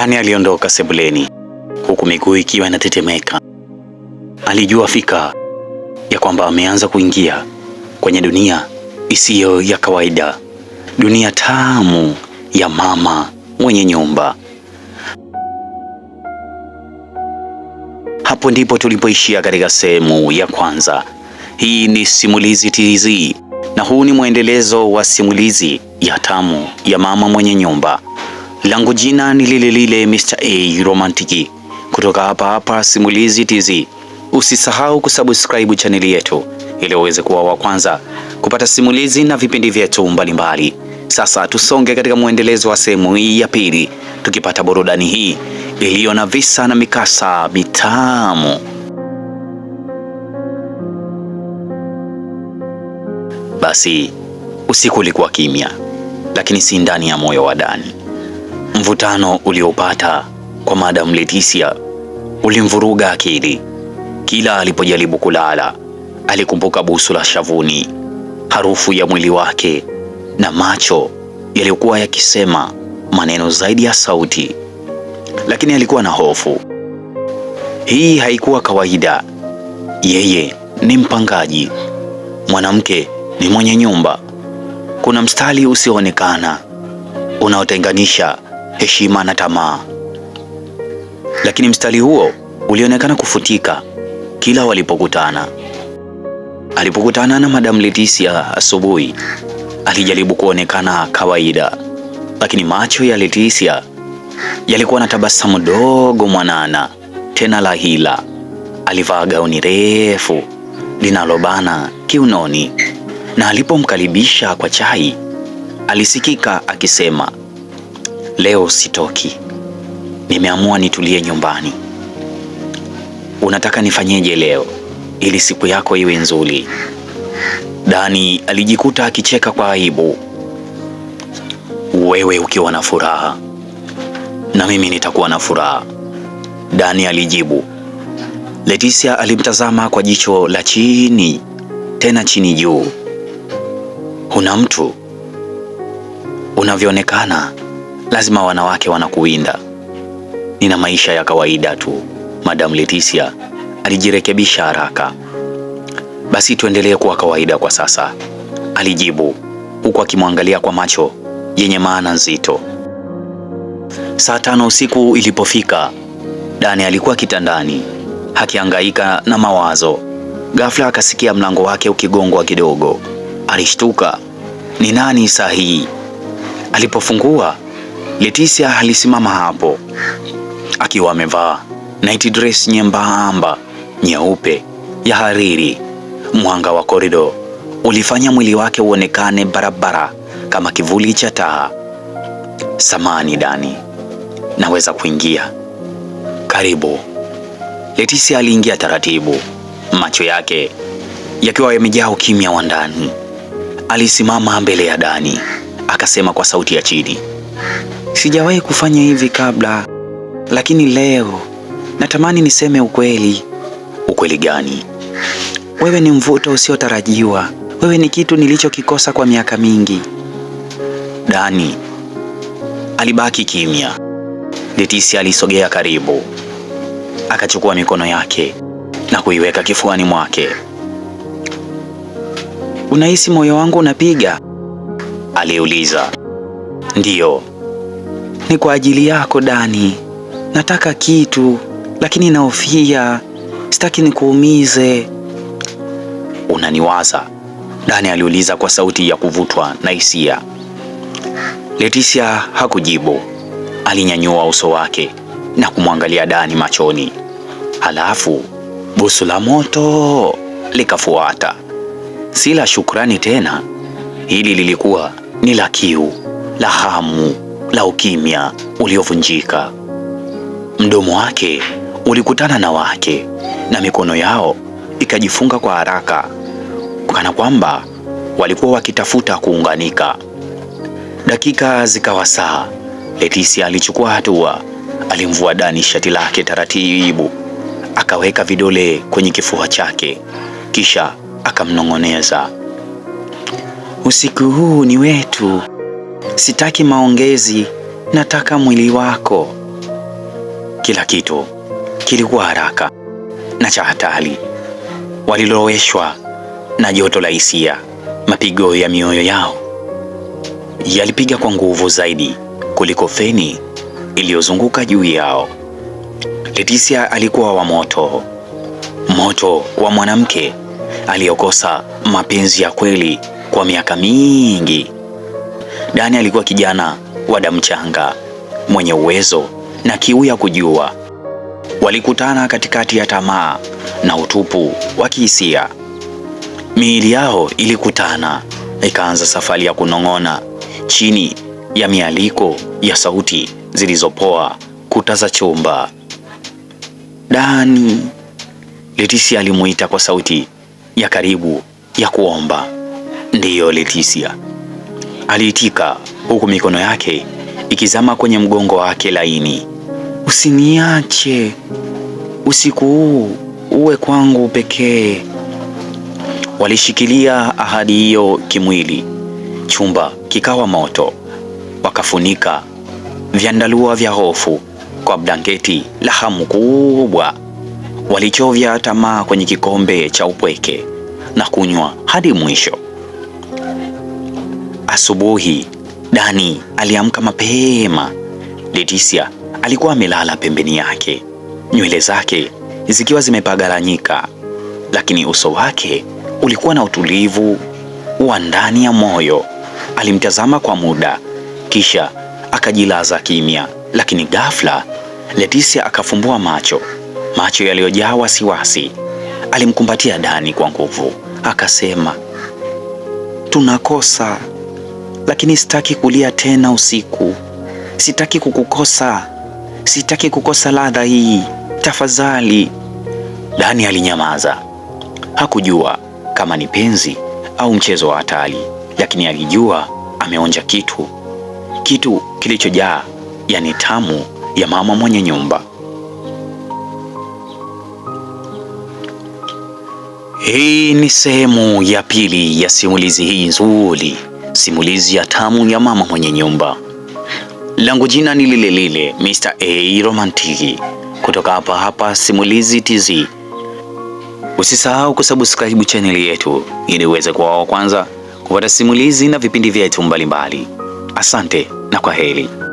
dani aliondoka sebuleni huku miguu ikiwa inatetemeka. Alijua fika ya kwamba ameanza kuingia kwenye dunia isiyo ya kawaida, dunia tamu ya mama mwenye nyumba. Hapo ndipo tulipoishia katika sehemu ya kwanza. Hii ni Simulizi Tz na huu ni mwendelezo wa simulizi ya tamu ya mama mwenye nyumba langu jina ni lile lile Mr. A Romantiki kutoka hapa hapa Simulizi Tz. Usisahau kusubscribe chaneli yetu ili uweze kuwa wa kwanza kupata simulizi na vipindi vyetu mbalimbali. Sasa tusonge katika mwendelezo wa sehemu hii ya pili, tukipata burudani hii iliyo na visa na mikasa mitamu. Basi usiku ulikuwa kimya, lakini si ndani ya moyo wa Dani. Mvutano ulioupata kwa Madam Leticia ulimvuruga akili. Kila alipojaribu kulala, alikumbuka busu la shavuni, harufu ya mwili wake na macho yaliyokuwa yakisema maneno zaidi ya sauti, lakini alikuwa na hofu. Hii haikuwa kawaida. Yeye ni mpangaji, mwanamke ni mwenye nyumba. Kuna mstari usioonekana unaotenganisha heshima na tamaa. Lakini mstari huo ulionekana kufutika kila walipokutana. Alipokutana na Madam Leticia asubuhi, alijaribu kuonekana kawaida, lakini macho ya Leticia yalikuwa na tabasamu dogo mwanana tena la hila. Alivaa gauni refu linalobana kiunoni, na alipomkaribisha kwa chai, alisikika akisema leo sitoki, nimeamua nitulie nyumbani. Unataka nifanyeje leo ili siku yako iwe nzuri? Dani alijikuta akicheka kwa aibu, wewe ukiwa na furaha na mimi nitakuwa na furaha, Dani alijibu. Leticia alimtazama kwa jicho la chini tena chini juu. kuna mtu unavyoonekana lazima wanawake wanakuwinda. Nina maisha ya kawaida tu. Madam Leticia alijirekebisha haraka. Basi tuendelee kuwa kawaida kwa sasa, alijibu huku akimwangalia kwa macho yenye maana nzito. Saa tano usiku ilipofika, Dani alikuwa kitandani akihangaika na mawazo. Ghafla akasikia mlango wake ukigongwa kidogo. Alishtuka, ni nani saa hii? Alipofungua Leticia alisimama hapo akiwa amevaa night dress nyembamba nyeupe ya hariri. Mwanga wa korido ulifanya mwili wake uonekane barabara kama kivuli cha taa. Samani Dani, naweza kuingia? Karibu. Leticia aliingia taratibu, macho yake yakiwa yamejaa ukimya wa ndani. Alisimama mbele ya Dani akasema kwa sauti ya chini Sijawahi kufanya hivi kabla, lakini leo natamani niseme ukweli. Ukweli gani? Wewe ni mvuto usiotarajiwa. Wewe ni kitu nilichokikosa kwa miaka mingi. Dani alibaki kimya. Leticia alisogea karibu, akachukua mikono yake na kuiweka kifuani mwake. Unahisi moyo wangu unapiga? aliuliza. Ndiyo, ni kwa ajili yako Dani, nataka kitu lakini naofia sitaki nikuumize. Unaniwaza? Dani aliuliza kwa sauti ya kuvutwa na hisia. Leticia hakujibu, alinyanyua uso wake na kumwangalia Dani machoni, halafu busu la moto likafuata. Si la shukrani tena, hili lilikuwa ni la kiu, la hamu la ukimya uliovunjika. Mdomo wake ulikutana na wake na mikono yao ikajifunga kwa haraka, kana kwamba walikuwa wakitafuta kuunganika. Dakika zikawa saa. Leticia alichukua hatua, alimvua Dani shati lake taratibu, akaweka vidole kwenye kifua chake, kisha akamnong'oneza, usiku huu ni wetu. Sitaki maongezi, nataka mwili wako. Kila kitu kilikuwa haraka na cha hatari, waliloweshwa na joto la hisia. Mapigo ya mioyo yao yalipiga kwa nguvu zaidi kuliko feni iliyozunguka juu yao. Letisia alikuwa wa moto, moto wa mwanamke aliyokosa mapenzi ya kweli kwa miaka mingi. Dani alikuwa kijana wa damu changa mwenye uwezo na kiu ya kujua. Walikutana katikati ya tamaa na utupu wa kihisia. Miili yao ilikutana, ikaanza safari ya kunong'ona chini ya mialiko ya sauti zilizopoa kuta za chumba. Dani, Letisia alimuita kwa sauti ya karibu ya kuomba. Ndiyo Letisia, aliitika huku mikono yake ikizama kwenye mgongo wake laini. Usiniache usiku huu uwe kwangu pekee. Walishikilia ahadi hiyo kimwili. Chumba kikawa moto, wakafunika vyandalua vya hofu kwa blanketi la hamu kubwa. Walichovya tamaa kwenye kikombe cha upweke na kunywa hadi mwisho. Asubuhi Dani aliamka mapema. Leticia alikuwa amelala pembeni yake, nywele zake zikiwa zimepagaranyika, lakini uso wake ulikuwa na utulivu wa ndani ya moyo. Alimtazama kwa muda, kisha akajilaza kimya, lakini ghafla Leticia akafumbua macho, macho yaliyojaa wasiwasi. Alimkumbatia Dani kwa nguvu, akasema tunakosa lakini sitaki kulia tena usiku, sitaki kukukosa, sitaki kukosa ladha hii, tafadhali. Dani alinyamaza. Hakujua kama ni penzi au mchezo wa hatari, lakini alijua ameonja kitu, kitu kilichojaa yani tamu ya mama mwenye nyumba. Hii ni sehemu ya pili ya simulizi hii nzuri simulizi ya tamu ya mama mwenye nyumba. Langu jina ni lile lile Mr. A Romantiki kutoka hapa hapa Simulizi TZ. Usisahau kusubscribe chaneli yetu ili uweze kuwa wa kwanza kupata simulizi na vipindi vyetu mbalimbali. Asante na kwa heri.